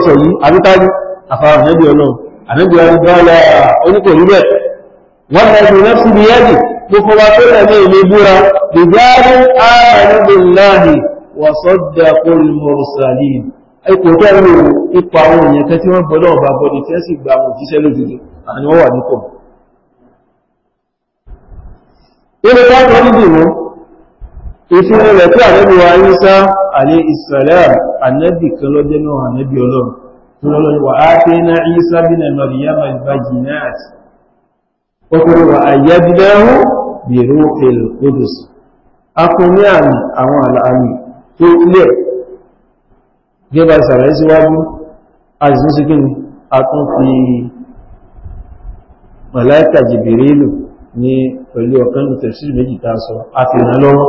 afa nabi anabi oni ko bi nafsi bi yadi ko ko wa to le le búra bi jaru amanu wa nínú tọ́pọ̀ dídì mú ìfihàn rẹ̀ tí ànẹ́bí wa ń sá àlé ìsàlẹ̀ ànẹ́bì kan lọ́jẹ́ náà ànẹ́bì ọlọ́run tó lọ́lọ́ wà á tẹ́ ná ìsá bí nà lọ ìyá máa bá jì náà àti ọkùnrin wà àyà dídáhù bèrè òkèlè màláìkà jìbìrìlù ní pẹ̀lú ọ̀kan ní tẹ̀sí méjì tá a sọ a ti ràn lọ́wọ́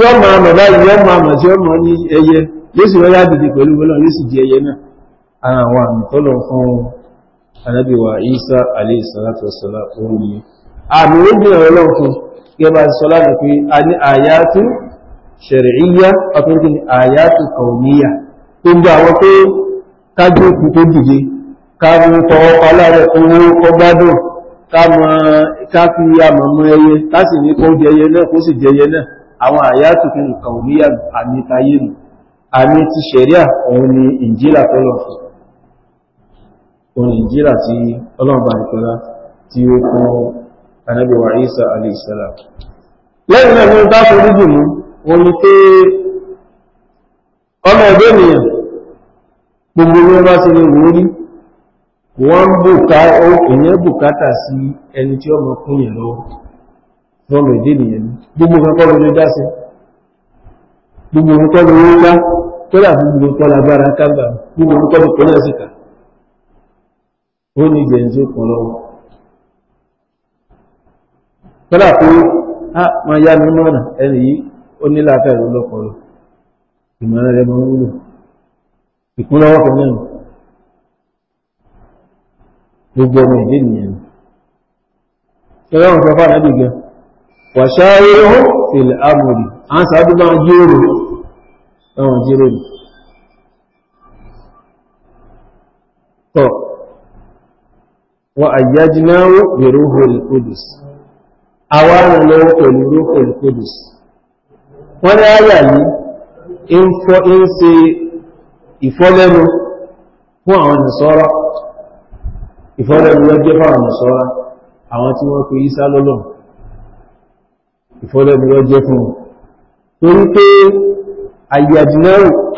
yọ́ máa mọ̀ báyìí yọ́ máa mọ̀ tí ó mọ̀ ní ẹyẹ yóò sì wáyá dìde pẹ̀lú bọ́lá yóò sì di ẹyẹ náà ara àwọn àmì fún Ànábì Isa alayhi salatu wassalam òun ni àmì ó gbé ọ̀rọ̀ lọ́wọ́ fún gẹ́bà sọ láti pé a ní àyátù ṣẹ̀rẹ̀íyá ọkùnrin àyátù kàwọ̀níyà tó ń gbà àwọn tó kájú òkú tó dìde káàmù tọwọ́ palárẹ̀ owó kọgbádùn káàfi àmọ̀mọ̀ ẹyẹ láti ní kó jẹyẹ náà kó sì jẹyẹ náà àwọn àyátùkú nǹkan ò ní àmì tayé nù àmì ti ṣẹ̀ríà òun ni ìjírà tọ́lọ̀fẹ́ òun ìjírà tí ọlọ́ọ̀bà ìpẹ́lá tí ó kún Ànábì wa Ìsá alayhi salam lẹ́yìn náà ní ó dákò rídì mú wọn ni pé ọmọ ẹgbẹ́ ènìyàn gbogbo ló bá ti lè wò wọ́n èyàn bùkátà sí ẹni tí ọmọ kúnyẹ̀ lọ́wọ́ rọmọ ìdí nìyẹn gbogbo kẹ́kọ́ lórí dá sí gbogbo kẹ́kọ́ lórí dá kọ́lá gbogbo kọ́lá bára kágbà gbogbo kẹ́kọ́ lórí kọ́lá síta ó ní ìgbẹ̀yìn tí ó kàn lọ́wọ́ kọ́lá pé a máa yá mi mọ́ra ẹni yìí ó ní láàfẹ́ ìlú lọ́pọ̀lọ́ ìmọ̀ràn rẹ̀ máa ń wúlò ìkúnlọ́wọ́ kan náà gbogbo ọmọ ìdí nìyẹn ẹ̀rọ̀n fẹ́fà lábì gan wà ṣáyẹ̀wò ilẹ̀ amòrì a ń sáájú máa jíròrò ẹ̀wọ̀n jíròrò tọ́ wà àyájínáwó ìrúhùl kudus àwa pẹ̀lú wọ́n ní yìí ń ìfọ́lẹ́nu fún àwọn ìsọ́rọ̀ ìfọ́lẹ́nu ló jẹ́ fáwọn ọ̀sọ́ra àwọn tí wọ́n pe Ìsá lọ́lọ́ ìfọ́lẹ́nu ló jẹ́ fún wọn torí pé àyàjìnà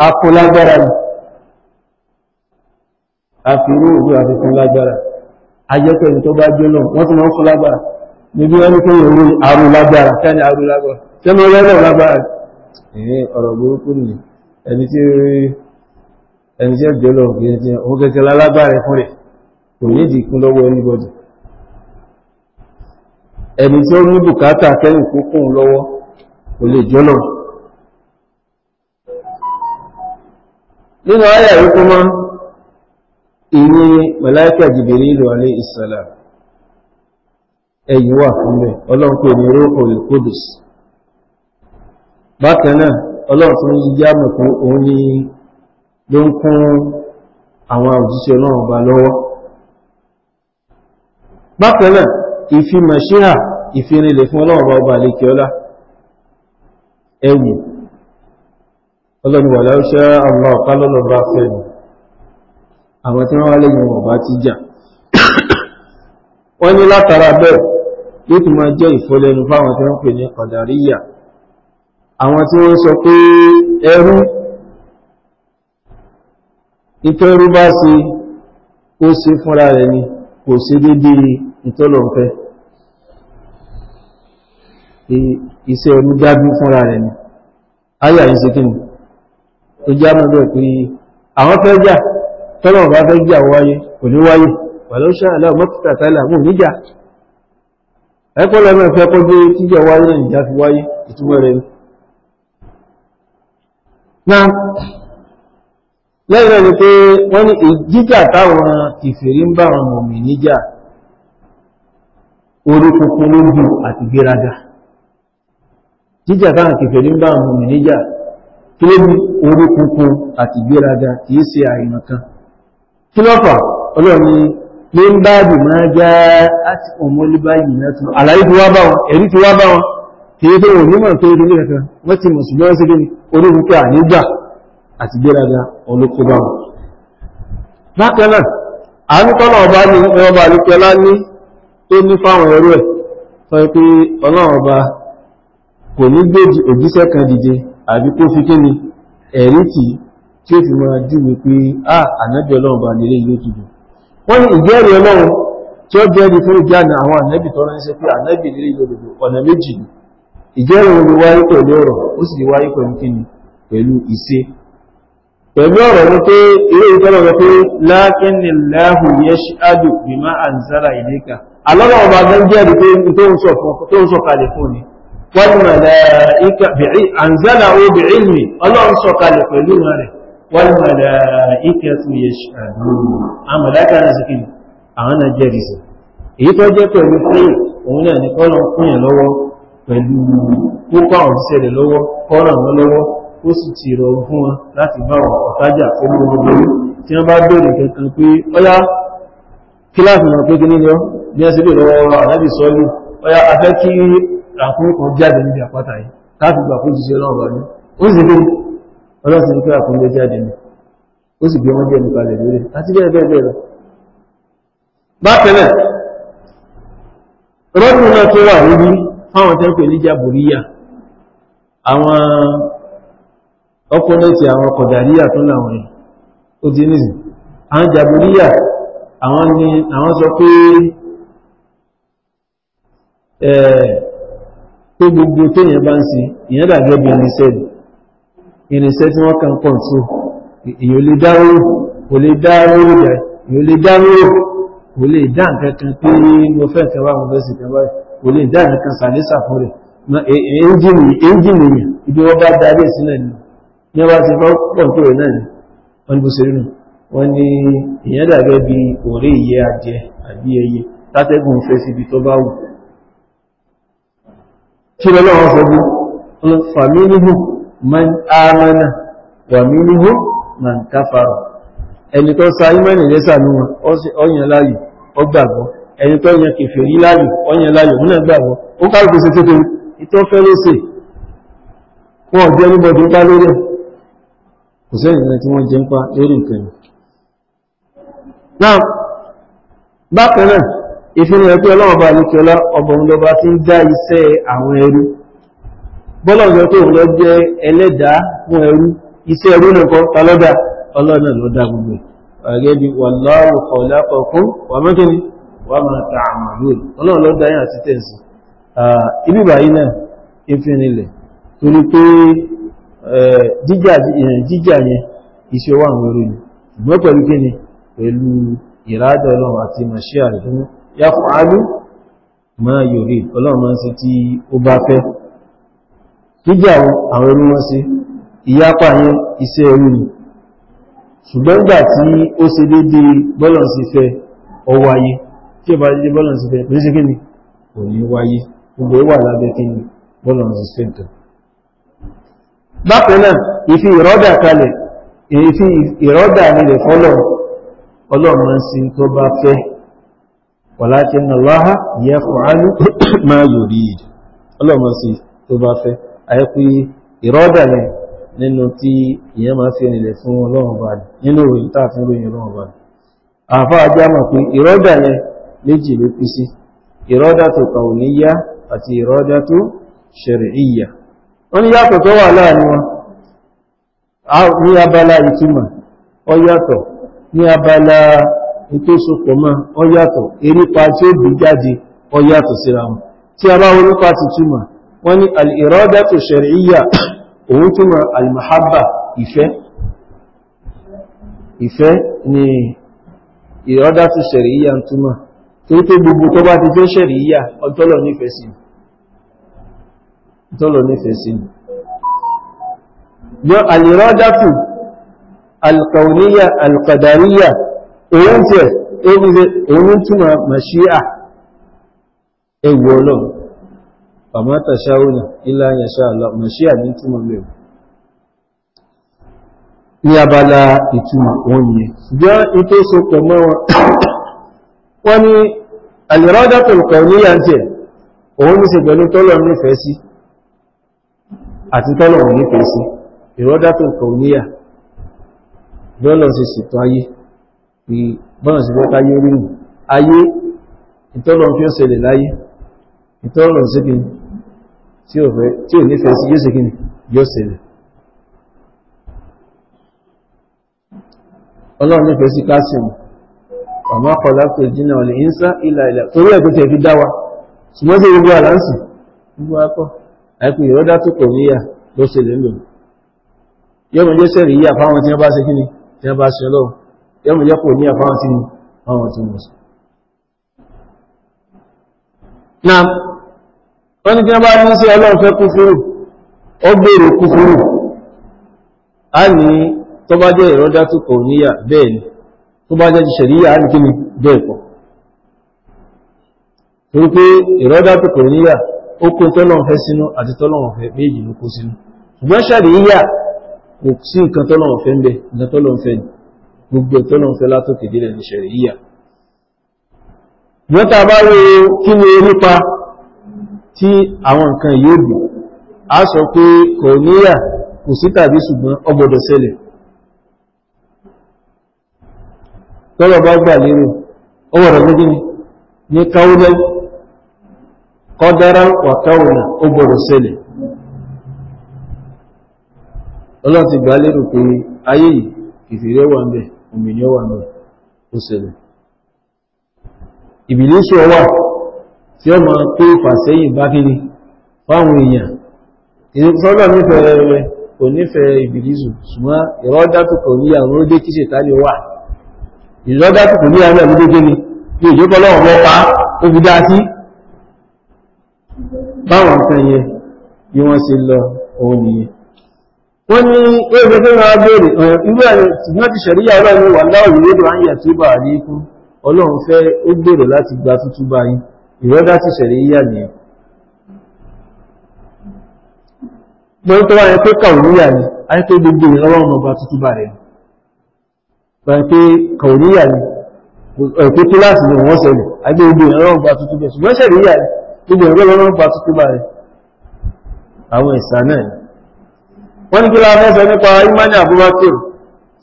akọlágbára ni a fi irú òfin àfikún lágbára ajẹ́pẹ̀ni tó bá jẹ́ náà wọ́n tún wọ́n fún lágbára níbi wọ́n ní kí yóò rí àrùn lágbára kẹ́ni àrùn lágbára ẹ̀yìn ọ̀rọ̀ burúkú ni ẹni tí ẹgbẹ̀lọ̀ ọ̀gẹ́gẹ́ lálágbára fún rẹ̀ kò ní ìdìkún lọ́wọ́ anybody ẹni tí ó ní bùkátà kẹ́yìn kókùn lọ́wọ́ kò lè jọ́nà nínú ayà rí kúmọ́ ìní màláíkà Jibrilu alayhi salam ẹ̀yìn wà fún mẹ́ ní Ruhul Qudus bákanáà ọlọ́pẹ́ ní jámù fún òun ní bákanáà ìfi màṣíhà ìfirinlẹ̀ fún ọlọ́ọ̀bá ọba àlékiọlá ẹwù ọlọ́niwà láúṣẹ́ àwọn ọ̀pá lọ́lọ́bá fẹ́ni àwọn tí wọ́n wá lẹ́yìn ọba ti jà wọ́n ní látara bẹ́ẹ̀ yóò tún máa jẹ́ ìfọ́lẹ́nu fáwọn tí wọ́n pè ní ọ̀dàríyà àwọn tí wọ́n sọ pé ẹrú ìtẹ́rú bá ṣe ó ṣe fúnra rẹ̀ ni kò ṣe déédéé ìtọ́lọ̀ ń fẹ́ iṣẹ́ ẹrú dájú fúnra rẹ̀ ni ayà yìí ṣe kí ni tó já mọ́ bẹ́ẹ̀ pé àwọn fẹ́ jà tọ́lọ̀ bá fẹ́ jà wáyé kò ní wáyé pàlọ́ṣà aláàmọ́kítà tààlà mú níjà ẹ̀kọ́lẹ̀ mẹ́fẹ́ kó dé tíjà wáyé náà ìjà fi wáyé ìtumọ̀ lẹ́yìn rẹ̀ ni pé wọ́n ní ìjíjà táwọn kìfèrí ń bá wọn mọ̀mì níjà orí kúkú ló àti gbéraga jíjà táwọn kẹfẹ́ na bá àwọn kí ló bù orí kúkú àti gbéraga kì í ṣe àìmọ̀ kan kí lọ́pàá fà ló ń bá máa já láti ọmọlé báyìí àlàyé ti wá bá wọn ẹ̀rí ti wá bá wọn kì í tó wọn nímọ̀ tó kankan wọ́n ti mọ̀ ṣùgbọ́n orí kúkú tó ní fáwọn ẹrú ẹ̀ sọ pé ọlọ́run ọba kò ní gbé òjíṣẹ́ kan dìde àbí kó fi kí ni ẹ̀rí tì tí ó fi máa júwe pé a ànábì ọlọ́run ọba nílé yóò tuntun wọ́n ní ìjẹ́rì ọlọ́run tí ó jẹ́rì fún ìjáàna àwọn ànábì tó ránṣẹ́ pé ànábì nílé yóò lòdò ọ̀nà méjì ni ìjẹ́rì wọn ni wáyé pẹ̀lú ọ̀rọ̀ ó sì wáyé pẹ̀lú kí ni pẹ̀lú ìṣe pẹ̀lú ọ̀rọ̀ ní pé ilé ìtọ́lọ̀ rẹ̀ pé lákínni láhù yashhadu bima anzala ilayka alọ́nà ọba gan jẹ́rìí pé tó ń sọ̀kalẹ̀ fún ni wọ́n mọ̀lẹ́íkà bìí àǹzánà ó bìí mi ọlọ́run sọ̀kalẹ̀ pẹ̀lú rẹ̀ wọ́n mọ̀lẹ́íkà tó yẹ ṣàdúró àmọ̀lẹ́kà náà sí kìí àwọn náà jẹ́rìí tó jẹ́ pẹ̀lú ti kíláàsì náà pé kíní lọ ní ẹsẹ̀ lè lọ́wọ́ ọ̀rọ̀ àdábì sọ́lú ọya afẹ́ kí ràkúnrún kan jáde níbi àpáta yìí káàfi gbà fún jíṣẹ́ náà bá ní ó sì gbé ọlọ́sìn pé àkúnlé jáde ní ó sì gbé wọ́n jẹ́ nípalẹ̀ lórí àti bẹ́ẹ̀ bẹ́ẹ̀ bẹ́ẹ̀ lọ bákanáà rọ́dùn náà tó wà níbi fáwọn tẹ́ pè ní jàbùríyà àwọn ọkùnrin ti àwọn kọ̀dàríyà tó láwọn ẹ̀ ó ti nìsín àwọn jàbùríyà àwọn ni àwọn sọ pé eh, pé gbogbo téèyàn bá ń ṣe ìyẹn dàgẹ́ bí irinṣẹ́ irinṣẹ́ tí wọ́n kàn kọ̀ǹtò èyàn lè dáró kò lè dáró ìyà èyàn lè dáró kò lè dá nǹkan kan pé mo fẹ́ kan mo fẹ́ sì kan kò lè dá nǹkan kan sàlẹ́sà fún rẹ̀ e, e, ẹ́ńjìnì èèyàn ibi wọ́n bá darí ìsílẹ̀ ni wọ́n bá ti fọ́ pọ̀ tó rẹ̀ náà ni wọ́n ní bó ṣe rí náà wọ́n ní ìyẹn dàgẹ́ bí òré ìyẹ́ àjẹ́ àbí ẹyẹ látẹ́gùn fẹ́ síbi tó bá wù kí lọ́lọ́wọ́ fọ́bú fàmílìhù man ámánà wàmílìhù man káfàrọ̀ ẹni tó sa ìmánì lẹ́sà ní wọn ọyàn láàyè ó gbàgbọ́ ẹni tó yàn kèfèrí láàyè ọyàn láàyè múnà gbàgbọ́ ó kálùkù sí títò ìtọ́ fẹ́lẹ́sẹ̀ wọn ọ̀jẹ́ níbọ̀dún pa lórí kò sẹ́yìn tí wọ́n jẹ́ ń pa lórí nǹkan náà bákan náà ìfihàn ẹ̀kọ́ ọlọ́run bá ní kí ọlá ọbọ̀ ń lọba tí ń dá iṣẹ́ àwọn ẹrú bọ́lọ̀gbọ́ tó lọ jẹ́ ẹlẹ́dàá fún ẹrú iṣẹ́ ẹrú nìkan talọ́dà ọlọ́nà ló dá gbogbo ọ̀gẹ́ bí wallahu khalaqakum wa mẹ́kẹ́ni ibi báyìí náà ìfihàn ilẹ̀ torí pé jíjà yẹn iṣẹ́ wà àwọn ẹrú ni pẹ̀lú ìrádà ọlọ́run àti màṣíà ìdún yaf'alu ma yurid ọlọ́run máa ń ṣe tí ó bá fẹ́ jíjà àwọn ẹrú wọn sí ìyapa yẹn iṣẹ́ ẹrú ni ṣùgbọ́n gbà tí ó ṣe dédé bọ́lọ̀ sí fẹ́ ó wáyé tí ó bá dédé bọ́lọ̀ sí fẹ́ kò ní ṣe kò ní wáyé gbogbo wà lábẹ́ kí ni sí fẹ́ tán bákan náà ìfi ìrọ́dà kalẹ̀ ìfi ìrọ́dà nílẹ̀ fọ́lọ́run ọlọ́run máa ń sin tó bá fẹ́ walakin Allah yaf'alu ma yurid ọlọ́run máa ń sin tó bá fẹ́ àyẹ́pẹ́ ìrọ́dà yẹn nínú tí ìyẹn máa fi ẹnìlẹ̀ fún ọlọ́run bá ní nínú òyìn tá àfin ròyìn ọlọ́run bá ní àfá ajá mọ̀ pé ìrọ́dà yẹn méjì ló pín sí ìrọ́dà tó kàwùníyá àti ìrọ́dà tó ṣẹ̀rìíyà wọ́n ní yàtọ̀ tó wà láàrin wọn ní abala ìtumọ̀ ó yàtọ̀ ní abala ètò sopọ̀ máa ọyàtọ̀ erípa tí ó bí jáde ọyàtọ̀ síra wọn tí a bá wọn ti túmọ̀ wọ́n ní al-iradatu shar'iyya òun túmọ̀ al-mahabba ìfẹ́ ìfẹ́ ni iradatu shar'iyya ń túmọ̀ tó tó gbogbo tó bá ti jẹ́ shar'iyya iya nífẹ̀ẹ́ sí alkauniya alkadariya èyí tí èyí túnmà mashi'a ewu ọlọ́run pàmátà ṣáwọ́nà ilá yẹ̀ṣà mashi'a ní túnmà mẹ́rin ní abala ìtumà oúnjẹ jẹ́ ìtò sọpọ̀ mọ́wọ́n wọ́n ni alìrọ́dọ̀tò alkauniya tí òun ní ṣe pẹ̀lú tọ́lọ̀ nífẹ̀ẹ́ sí àti tọ́lọ̀ nífẹ̀ẹ́ sí ìrọ́dọ̀tò alkauniya bí ọlọ́run ṣe ṣètò ayé pé bọ́ràn sí fẹ́ká yé rí nù ayé ìtọ́lọ́run fi ó ṣẹlẹ̀ láyé ìtọ́lọ́run sí kí tí ò nífẹ̀ẹ́ sí yóò ṣe kí ni yóò ṣẹlẹ̀ ọlọ́run nífẹ̀ẹ́ sí kásìm ọmọ akọ̀lá pé jìnnà ọ̀lẹ̀ ìnsá ìlà ìlà torí ẹ̀ tó fi dá wa ṣùgbọ́n sí gbogbo àlánsì gbogbo akọ àìkú ìrọ́dá tó kò níyà ló ṣẹlẹ̀ lò yọ́mọ jẹ́ sẹ́rì yíyà fáwọn tí wọ́n bá ṣe kí ni tí a bá ṣe lọ yọ́mù yọ́pù ní àfáwọn sí àwọn tí wọ́n sọ na wọ́n ni tí a bá ní sí ọlọ́run fẹ́ kúfúrù ó gbèrò kúfúrù a ní tó bá jẹ́ ìrọ́dá tó kọ̀ níyà bẹ́ẹ̀ ni tó bá jẹ́ ti ṣẹ̀ríyà á ní kí ni bẹ́ẹ̀ pọ̀ torí pé ìrọ́dá tó kọ̀ níyà ó kó tọ́lọ́run fẹ́ sínú àti tọ́lọ́run fẹ́ méjì ló kó sínú ṣùgbọ́n ṣẹ̀ríyà kò sí nǹkan tó lọ́wọ́ fẹ́ ń bẹ nǹkan tó lọ́wọ́ fẹ́ ni gbogbo tó lọ́wọ́ fẹ́ látòkè délẹ̀ ní ṣẹ̀rẹ̀ yíyà wọ́n tàbá wo kí ni nípa tí àwọn nǹkan yóò bù á sọ pé kò níyà kò sí tàbí ṣùgbọ́n ọgbọ̀dọ̀ ṣẹlẹ̀ tọ́lọ̀ bá gbà lérò ọwọ́ rẹ̀ gbogbo ní káwọ́lẹ́ kọ́dára wà káwọ́lẹ́ ó gbọ́dọ̀ ọlọ́run ti gbà lérò pé ayé yìí ìfìrẹ́ wà mẹ́ òmìnir wà mẹ́ ó ṣẹlẹ̀ ìbìlísù ọwà tí ó máa pé ìfàsẹ́yìn bá kiri fáwọn èèyàn ìsọ́lọ̀ nífẹ̀ẹ́ rẹ̀ kò nífẹ̀ẹ́ ìbìlísù ṣùgbọ́n ìrọ́dátù kò ní àwọn ó dé kí ṣe tání wà ìrọ́dátù kò ní àwọn ẹ̀mú dé gẹ́ni ní ìjókọ́ lọ́wọ́ pa ó fi dá sí báwọn nǹkan bí wọ́n ṣe lọ òun nìyẹn wọ́n ní ẹgbẹ́ tó máa bèèrè ìwé ẹ̀rẹ̀ ṣùgbọ́n ti ṣẹ̀ríyà ọlọ́run wà láwọ̀ ìwédò àyà tí ó bà rí kú ọlọ́run fẹ́ ó gbèrò láti gba tútú báyìí ìrọ́dá ti ṣẹ̀ríyà nìyẹn lórí tó wáyé pé kàwòníyà ni a ní pé gbogbo ọlọ́run ọba tútú bà rẹ̀ báyìí pé kàwòníyà ni ẹ̀pẹ́ tó láti lè wọ́n sẹ̀lẹ̀ agbé gbogbo ọlọ́run ọba tútú bẹ̀ ṣùgbọ́n ṣẹ̀ríyà ni gbogbo ọlọ́run ọba tútú bà rẹ̀ àwọn ìsà náà ni wọ́n ní kí láwọn mẹ́sàn nípa imani abubakar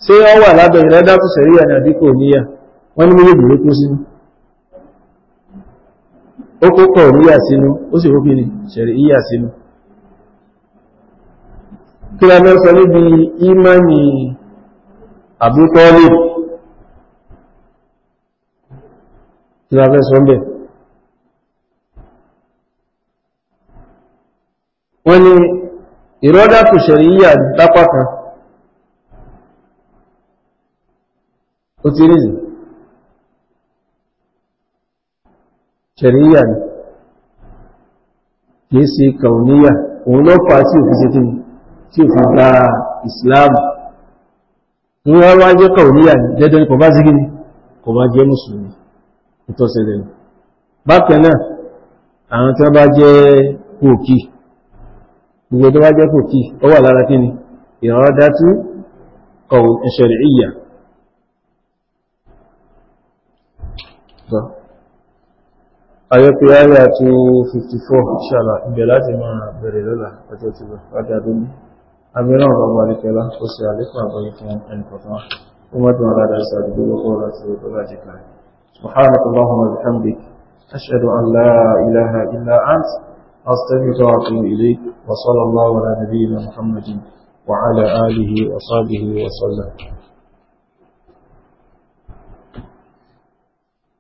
ṣé ó wà lábẹ̀ ìrẹ́dá tó sẹ̀rí àdíkò níyà wọ́n ni méjèèjì ló kó sínú ó kó kọ̀ níyà sínú ó sì kó kiri sẹ̀rí ìyà sínú kí la mẹ́sàn níbi imani ìrọ́dá tó ṣẹ̀ríyà lápá kan ó ti rízì ṣẹ̀ríyà ni kìí ṣe kàùníyà òun ló fà tí òfin ṣe tí tí òfin gba ìsìláàmù ní wọ́n wá jẹ́ kàùníyà ní kò bá sí gíní kò bá jẹ́ mùsùlùmí ìtọ́sẹ̀lẹ̀ bákan náà àwọn tí wọ́n bá jẹ́ kòkí gbogbo tó wá jẹ́ kò kí ó wà lára kí ni ìrádátú kọ̀wọ̀ ìṣẹ̀rẹ̀ ìyà ayọ́ pé ayà tí 54 ṣàlà ìbẹ̀ láti máa bẹ̀rẹ̀ lọ́la ọjọ́ ti bẹ̀ láti أشهد أن لا إله إلا أنت أستغفرك وأتوب إليك وصلى الله على نبينا محمد وعلى آله وصحبه وسلم